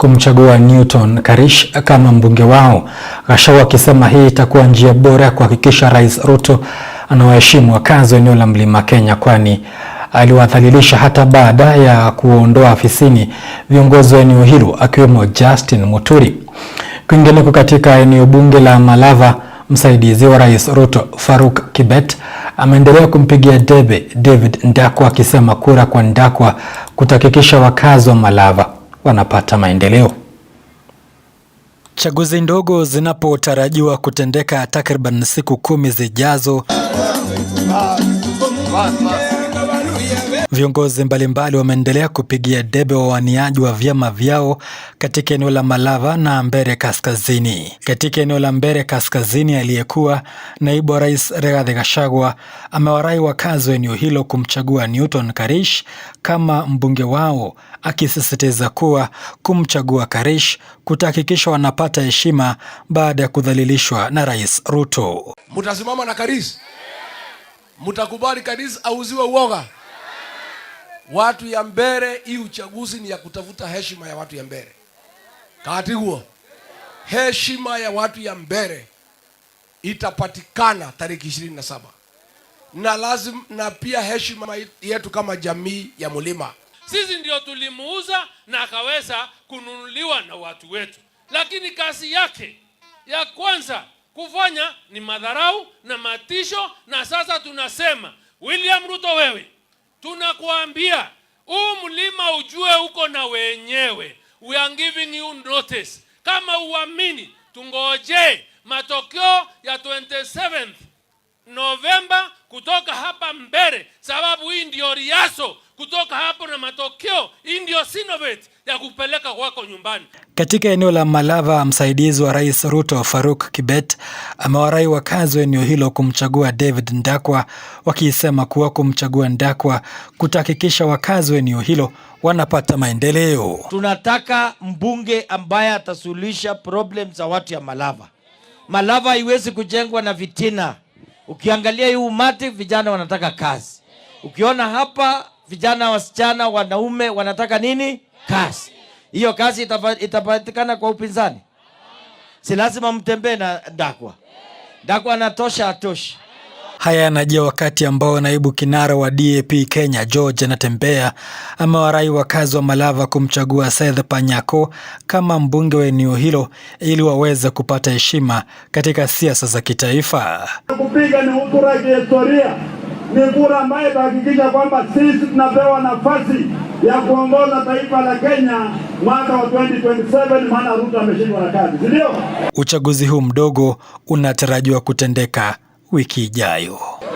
kumchagua Newton Karish kama mbunge wao, Gachagua akisema hii itakuwa njia bora ya kuhakikisha Rais Ruto anawaheshimu wakazi wa eneo la Mlima Kenya, kwani aliwadhalilisha hata baada ya kuondoa afisini viongozi wa eneo hilo akiwemo Justin Muturi. Kwingineko, katika eneo bunge la Malava, msaidizi wa Rais Ruto Faruk Kibet ameendelea kumpigia debe David Ndakwa akisema kura kwa Ndakwa kutahakikisha wakazi wa Malava wanapata maendeleo. Chaguzi ndogo zinapotarajiwa kutendeka takriban siku kumi zijazo Viongozi mbalimbali wameendelea kupigia debe wawaniaji wa vyama vyao katika eneo la Malava na mbere Kaskazini. Katika eneo la mbere Kaskazini, aliyekuwa naibu wa rais Rigathi Gachagua amewarai wakazi wa eneo hilo kumchagua Newton Karish kama mbunge wao, akisisitiza kuwa kumchagua Karish kutahakikisha wanapata heshima baada ya kudhalilishwa na Rais Ruto. Mtasimama na Karish, mtakubali Karish auziwe uoga watu ya mbere. Hii uchaguzi ni ya kutafuta heshima ya watu ya mbere, kati huo heshima ya watu ya mbere itapatikana tariki ishirini na saba na lazima na pia heshima yetu kama jamii ya mlima. Sisi ndio tulimuuza na akaweza kununuliwa na watu wetu, lakini kazi yake ya kwanza kufanya ni madharau na matisho, na sasa tunasema William Ruto, wewe Tunakuambia huu mlima ujue uko na wenyewe. We are giving you notice. Kama uamini, tungoje matokeo kutoka hapo na matokeo hii ndio Sinovet ya kupeleka kwako nyumbani. Katika eneo la Malava, msaidizi wa Rais Ruto Faruk Kibet amewarai wakazi wa eneo hilo kumchagua David Ndakwa, wakisema kuwa kumchagua Ndakwa kutahakikisha wakazi wa eneo hilo wanapata maendeleo. Tunataka mbunge ambaye atasuluhisha problem za watu ya Malava. Malava haiwezi kujengwa na vitina. Ukiangalia hii umati, vijana wanataka kazi. Ukiona hapa vijana, wasichana, wanaume wanataka nini? Kazi. Hiyo kazi itapatikana kwa upinzani? Si lazima mtembee na dakwa dakwa, anatosha atoshi. Haya yanajia wakati ambao naibu kinara wa DAP Kenya George anatembea amewarai wakazi wa Malava kumchagua Seth Panyako kama mbunge wa eneo hilo ili waweze kupata heshima katika siasa za kitaifa. Kupiga ni huku historia ni kura ambayo itahakikisha kwamba sisi tunapewa nafasi ya kuongoza taifa la Kenya mwaka wa 2027 maana Ruto ameshindwa na kazi, si ndio? Uchaguzi huu mdogo unatarajiwa kutendeka wiki ijayo.